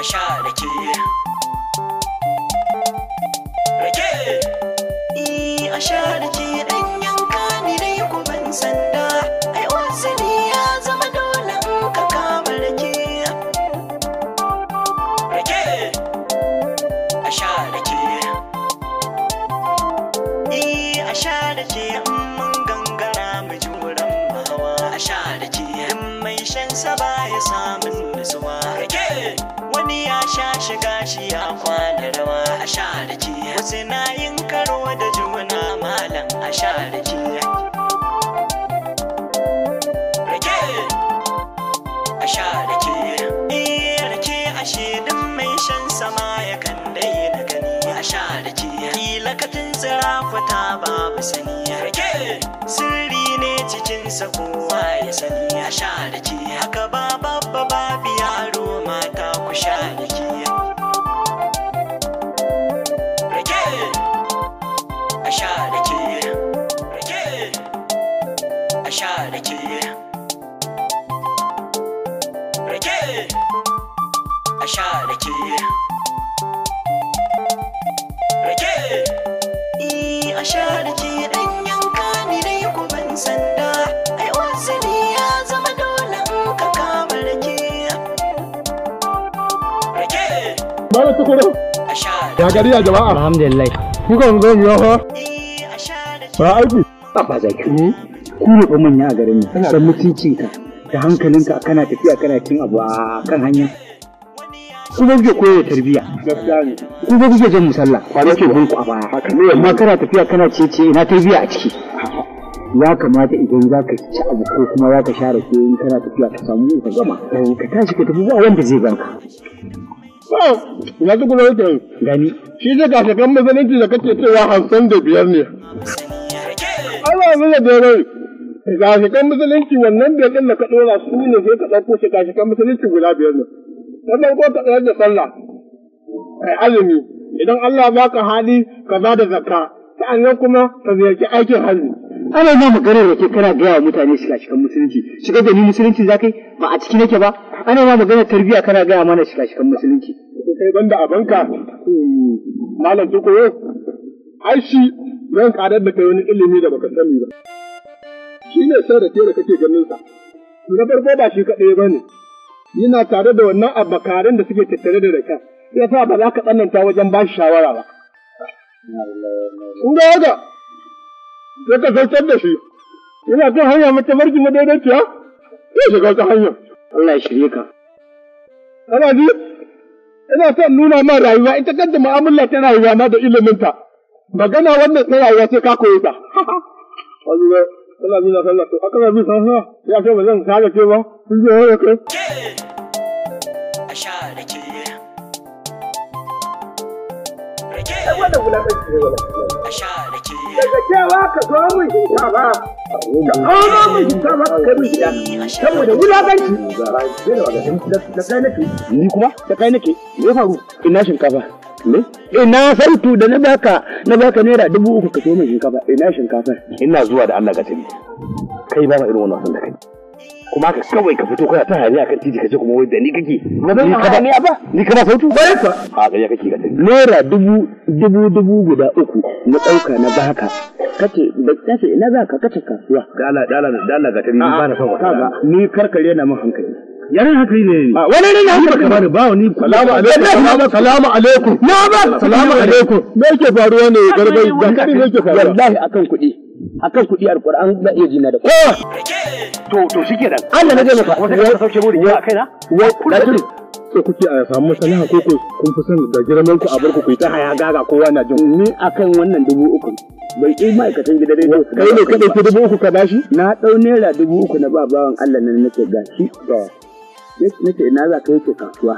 a sha rake rake eh, a sha rake ɗan yanka ni dai kuban sanda tashi ya kwana rawa a sha rake wasu na yin karo da juna malam a rake rake a eh, rake rake a shedin mai shan sama ya kan daina gani a rake kila katin tsira babu sani rake sirri ne cikinsa kowa ya sani a rake haka ba babba babu yaro mata ku sha rake a sha rake rake eh, a sha rake ɗan yanka ni dai ku ban sanda ai wazini ya zama dole in ka kama rake rake Bala tukuru. Ya gari ya jama'a. Alhamdulillah. Kukan zo ya fa. Eh, ba aiki. Ba zaki. Eh? Ku ne ba manya a garin nan. San mutuncinka da hankalinka kana tafiya kana cin abu a kan hanya. kuma kuke koyo tarbiyya ku ba kuke jin musalla kwana ke bunku a baya amma kana tafiya kana cece ina tarbiyya a ciki ya kamata idan za ka ci abu ko kuma za ka share ko in kana tafiya ka samu ka gama eh, ka tashi ka tafi ba wanda zai ganka ina duk wani yake gani shi ne kan masalanci da kake cewa hamsin da biyar ne Allah zai da rai kan musulunci wannan da ɗan da ka ɗora su ne sai ka ɗauko shi kan musulunci guda biyar ne wannan ko ka tsayar da sallah kai azumi idan Allah ya baka hali ka ba da zakka sa'annan kuma ka ziyarci aikin hali. ana ma maganar da ke kana gaya wa mutane shiga cikin musulunci shiga da ni musulunci za kai ba a ciki nake ba ana ma maganar tarbiyya kana gaya mana shiga cikin musulunci kai banda abanka malam tukoyo ai shi zan karar da kai wani ilimi da baka sani ba shi ne sai da ke da kake ganin sa na farko ba shi kaɗai ba ne yana tare da wannan abakarin da suke tattare da raka ya sa ba za ka tsananta wajen ba shi shawara ba. Kun ga haka, sai ka zartar da shi, yana kan hanya mace marji madaidaiciya, ya shiga ta hanya. Allah ya shirye ka. Ana ji, ina son nuna ma rayuwa, ita kanta mu'amala ta rayuwa ma da iliminta. Magana wannan ta rayuwa sai ka koyi ta. Wani ji na nuna sallah to, aka rabi sallah, ya ce ba zan kare ce ba, kun je kai. wannan wulaƙanci Daga cewa ka zo Ka ka Saboda Da kai nake. Ni kuma? Da faru? Ina shinkafa. Ina sautu da na baka na baka naira dubu uku ka so min shinkafa ina shinkafar ina zuwa da Allah ga tabi kai ba ma irin wannan wasan da kai kuma ka kawai ka fito kana ta hayaniya kan titi kace kuma wai da ni kake ni kana sautu ba ka a ga kake ka naira dubu dubu dubu guda uku na dauka na baka kace da kace ina za ka kace kasuwa dala dala dala ga tani ba na son ni karkare na mun hankali yaran hankali ne ne wani ne na haka ba ba wani salamu alaikum salamu alaikum na ba salamu alaikum me yake faruwa ne garbai ga kudi ne yake faruwa wallahi akan kudi akan kuɗi alƙur'an na iya jina da Ko eh! To to shike dan Allah na gaya fa Wata ka sauke buri yau a kaina? wa kullu ko kuke a samu masalaha ko ko kun fi son da girman ku a bar ku ku ta haya gaga kowa na jin. Ni akan wannan dubu uku. Bai ƙi ma'aikatan gida dai dai. Kai ne ka dubu uku ka bashi? Na dau naira dubu uku na babawan Allah nan nake gashi. na ce ina za ka yake kasuwa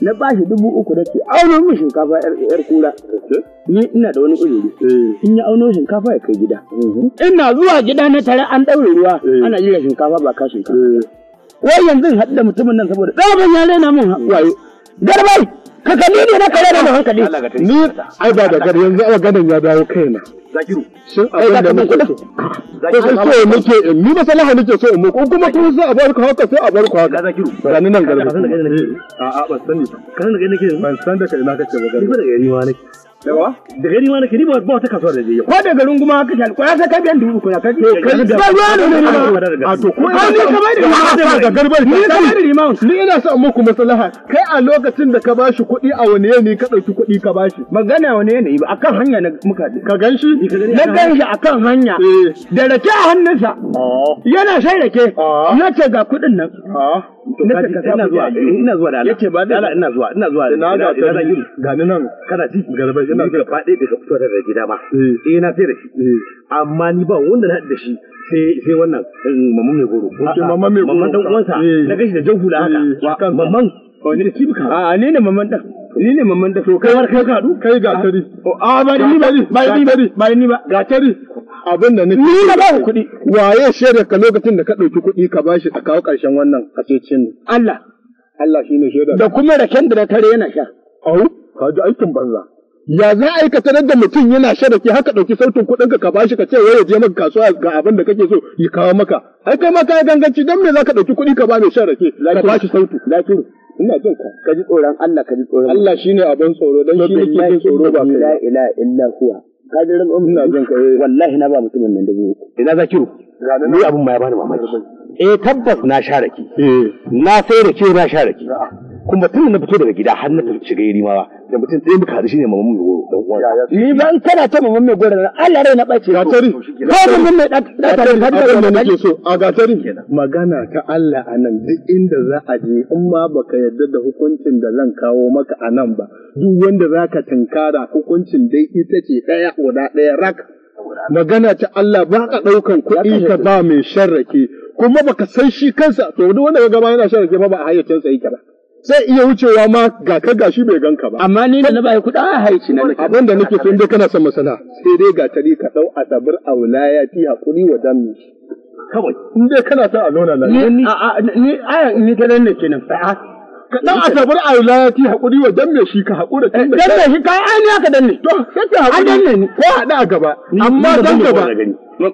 na ba shi dubu uku da ke auno min shinkafa yar kura ni ina da wani uzuri in ya auno shinkafa ya kai gida ina zuwa gida na tare an ɗaure ruwa ana jira shinkafa ba ka shinkafa wai yanzu in haɗu da mutumin nan saboda ɗaban ya rena min wayo garbai ka gani ne na kare da hankali ni ai ba da yanzu a ganin ya dawo kaina shin abin da nake so sai so ni ba salaha nake so mu ko kuma kun sa a bar ku haka sai a bar ku haka ga ni nan garba a a ban sani san da kai nake ban san da kai na kace ba garba ni ba da gari ma nake yawa da gari ma nake ni ba wata kasuwar da zai ko da garin kuma haka shi ko ya sa ka biyan dubu kuna ka ce eh, ka da ruwa ne ne a to ko an ne kamar da ma da garbar ni kamar da ma ni ina son muku maslaha kai a lokacin da ka bashi kuɗi a wani yanayi ka ɗauki kuɗi ka bashi magana wani yanayi ba akan hanya na muka ka ganshi na ganshi akan hanya eh. da rake a hannunsa ah. yana shan rake ah. na ce ga kuɗin nan ah. ina zuwa eh, ina zuwa da yake ba da ina zuwa ina zuwa ina ga ina yi ga ni nan kana ji garba ina ga fadi da fito da gida ba eh, eh na sai shi eh. amma ni ba wanda na da shi sai sai wannan mamman mai goro ko mamman mai goro mamman dan uwansa na gashi da haka mamman ko ne kibka a ne ne mamman dan Ni ne mamman da so kai war kai kadu kai ga tari. Oh, a ah, ba ni ba ba ni ba ba ni ba ga tari. Abin da ni ni na ba kuɗi. Waye shaida ka lokacin da ka ɗauki kuɗi ka bashi a kawo ƙarshen wannan asecin. Allah. Allah shi ne shaida. Da kuma raken da na tare yana sha. Au, ka ji aikin banza. Ya za a aikata da mutum yana sha da ke haka ɗauki sautin kuɗinka ka bashi ka ce wai ya je maka kasuwa ga abin da kake so ya kawo maka. Ai kai maka ka ganganci don me za ka ɗauki kuɗi ka ba mai sha rake ka bashi sautin Lafiya. ina jin ka ka ji tsoron Allah ka ji tsoron Allah shine abin tsoro dan shi nake jin tsoro ba kai la ilaha illa huwa ka ji ran ina jin ka eh. wallahi na ba mutumin nan da ni ina ru ni abin ma ya bani mamaki eh tabbas na sha rake eh. na sai rake na sha rake kuma tun na fito daga gida har na tafi shiga yiri ma da mutum ɗaya muka haɗu shine maman mai goro ni ban kana ta mai goro nan Allah rai na ɓace gatari ko maman mai gatari da nake so a gatari magana ta Allah a nan duk inda za a je in ma baka yarda da hukuncin da zan kawo maka a nan ba duk wanda zaka tunkara hukuncin dai ita ce ɗaya guda ɗaya rak magana ta Allah ba ka ɗaukan kuɗi ka ba mai sharrake kuma baka san shi kansa to duk wanda ka gama yana sharrake ba ba a hayyacinsa yake ba zai iya wucewa ma ga ka gashi bai ganka ba. Amma ni da na bai kuɗa a haici na nake. Abin da nake so inda kana son masana. Sai dai ga tari ka ɗau a sabar a wilaya fi haƙuri wa dami. Kawai. In dai kana son a nuna lafiya. Ni a ni ke ne kenan. ka a sabar a layati haƙuri wa dan me shi ka haƙura tun da dan me shi kai ai ne aka danne to sai ka haƙuri. an danne ko hada a gaba amma dan gaba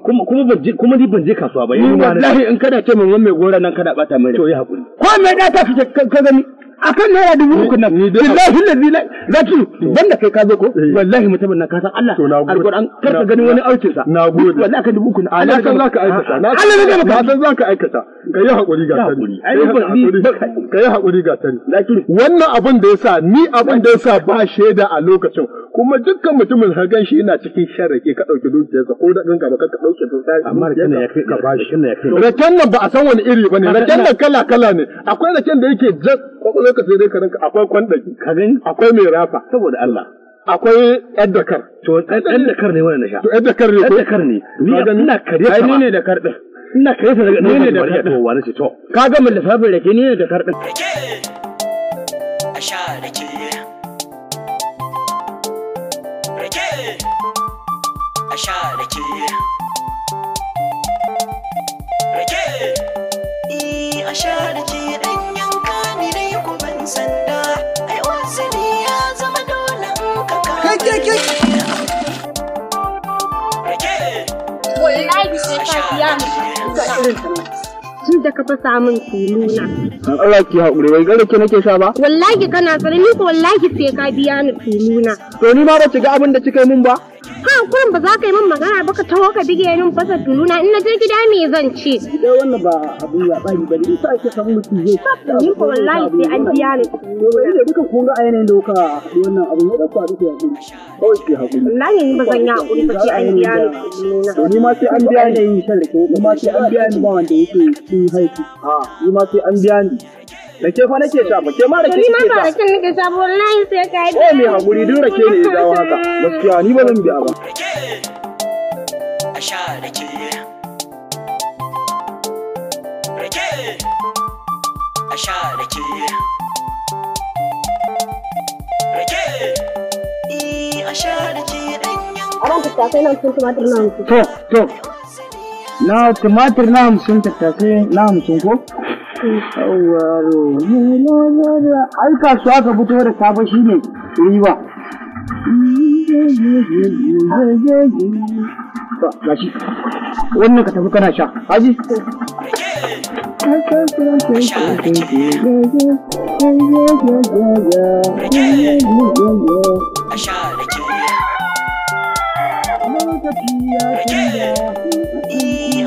kuma kuma ban je kuma ni ban je kasuwa ba wallahi in kada ce min wannan mai gora nan kada bata mai to yi haƙuri. ko mai da ta ka gani akan naira dubu uku nan billahi lalli la zaki banda kai ka zo ko eh. wallahi mutumin nan ka san Allah alquran kar ka gani wani aukin sa nagode wallahi akan dubu uku nan ah, Allah kan zaka aikata Allah ne maka san zaka aikata kai hakuri ga sani kai hakuri ga sani wannan abin da yasa ni abin da yasa ba shaida a lokacin kuma dukkan mutumin hagan shi yana cikin sharrake ka ɗauki dukiyarsa ko da ɗinka ba ka ɗauke dukiyarsa amma raken nan ya kai ka bashi raken nan ba a san wani iri ba ne raken nan kala kala ne akwai raken da yake jan kwakwalwar ka sai dai ka ranka akwai kwandaki akwai mai rafa saboda Allah akwai dakar. to dakar ne wannan sha to dakar ne ɗaddakar ne ni ina kare ka ai ne da karɗin ina kare ka daga ne da karɗin to wani ce to kaga mun lafafin rake ne da kar din a sha rake Eh, a sha rake rake i a sha rake dan yanka ni dai ku ban sanda ai wasani ya zama dole in ka ka rake wallahi sai ka biya mu tun da ka fasa min tuluna. An Allah ki haƙuri bai gare ke nake sha ba? Wallahi kana sarari ko wallahi sai ka biya ni tuluna. To ni ma ba ki ga abin da kika yi min ba? Haka kurin ba za ka yi min magana ba ka taho ka bige min fasa tuluna in na je gida me zan ce. Gida wannan ba abu ya bani ba ne sa ake san mutum zai ci. Ni ko wallahi sai an biya ni. Wai duka kun ga ainihin da kuka haɗu wannan abin ya dauka duka ya kuma. Kawai ki haƙuri. Wallahi ni ba zan yi haƙuri ba sai an biya ni. To ni ma sai an biya ni yin shan rake, ni ma sai an biya ni ba wanda yake cin haiku. Ah. Ni ma sai an biya ni. ke fa nake sha ba, ke ma rake kike sha. Ni ma rake nake sha ba, wallahi sai ka yi. me hakuri duk rake ne ya dawo haka. Gaskiya ni ba zan biya ba. A Rake. A tumatir na hamsin. To, to. Na tumatir na hamsin tattasai na hamsin ko? Sauraro, ai kasuwa ka fito da safe shi ne riba. Ga shi, wannan ka tafi kana sha, haji? Lokaci ya canza.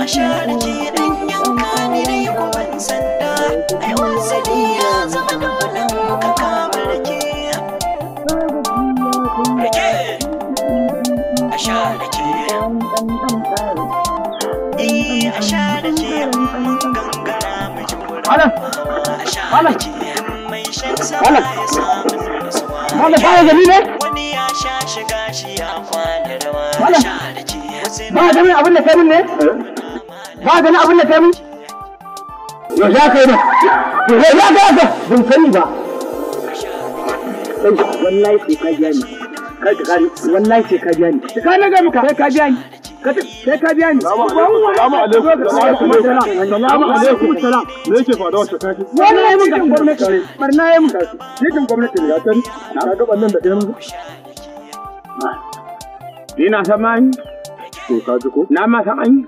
a share ce dan yanka ni dai kuban sanda ai wasali ya zama dole muka kama a share ce eh a share mu ji mai shan ne wani ya sha shiga shi ya rawa ba da abin da kai ne eh? ka gani abin da kai ka yi ba wallahi sai ka biya ni ka wallahi ka biya ni ka na ga muka kai ka biya ni sai ka biya ni salamu alaikum salamu alaikum salamu alaikum salam me yake faruwa tsakanin wani ne mun gwamnati barna ya mun kasu yakin gwamnati ya tani na ga bannan da ɗayan ah. ni na san to ka ji ko na ma san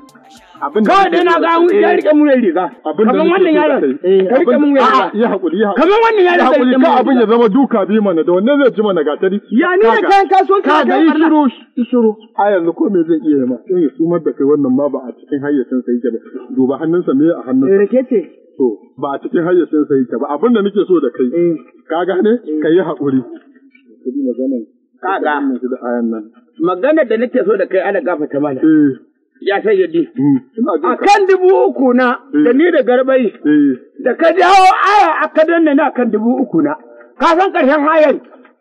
kawai dai na ga ya rike mun riga kaman wannan yaron ka eh, rike mun riga ya hakuri ya kaman wannan yaron ka rike mun abin ya zama duka bi mana da wannan zai ci mana gatari ya ni da kayan kasuwanci ka ga shiru shiru a yanzu ko me zai iya ma in ya sumar da kai wannan ma ba a cikin hayyacin sa yake ba duba hannunsa me a hannunsa eh, rike ce to ba a cikin hayyacin sa yake ba abin da nake so da kai eh. ka ne ka yi hakuri kaga maganar da nake so da kai ana gafata mana ya sayyadi. Mm. A kan dubu uku na mm. da ni da garbai, mm. da ka jawo aya a kadan na kan dubu uku na, ka san ƙarshen ayar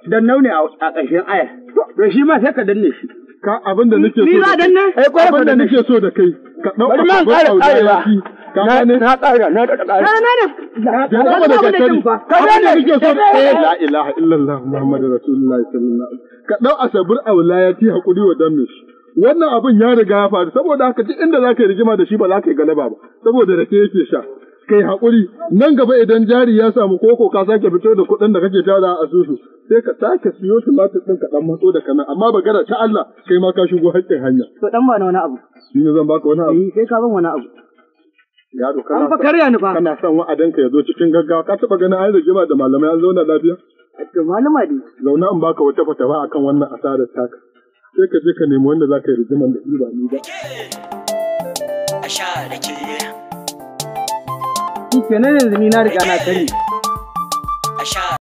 da nauni a ƙarshen ayar, to shi ma sai ka danne shi. Ka abin da nake so da kai, eh, abin da nake so da kai, ka ɗauka ka ka aure ka na ka na ka Na ka na. Ya zama ka kakari. Ka ka da ka da kai. ka eh. ilaha ka Muhammadu ka sallallahu ka Ka ɗau haƙuri wa dan wannan abin ya riga ya faru saboda haka duk inda za ka yi rigima da shi ba za ka yi galaba ba saboda rake yake sha kai hakuri nan gaba idan jari ya samu koko ka sake fito da kuɗin da kake tara a asusu sai ka sake siyo tumatir ɗin ka dan matso da kana amma gara ta Allah kai ma ka shigo haƙƙin hanya. To dan ba wani abu. Shi ne zan baka wani abu. Eh, sai ka ban wani abu. Yaro kana ba karya ni ba Kana son wa'adanka ya zo cikin gaggawa ka taɓa ganin ai rigima da malamai an zauna lafiya. To malama dai. Zauna in baka wata ba akan wannan asarar taka. sai ka je ka nemi wanda za ka yi rijiman da ba ni ba. A yanzu ni na riga na sani.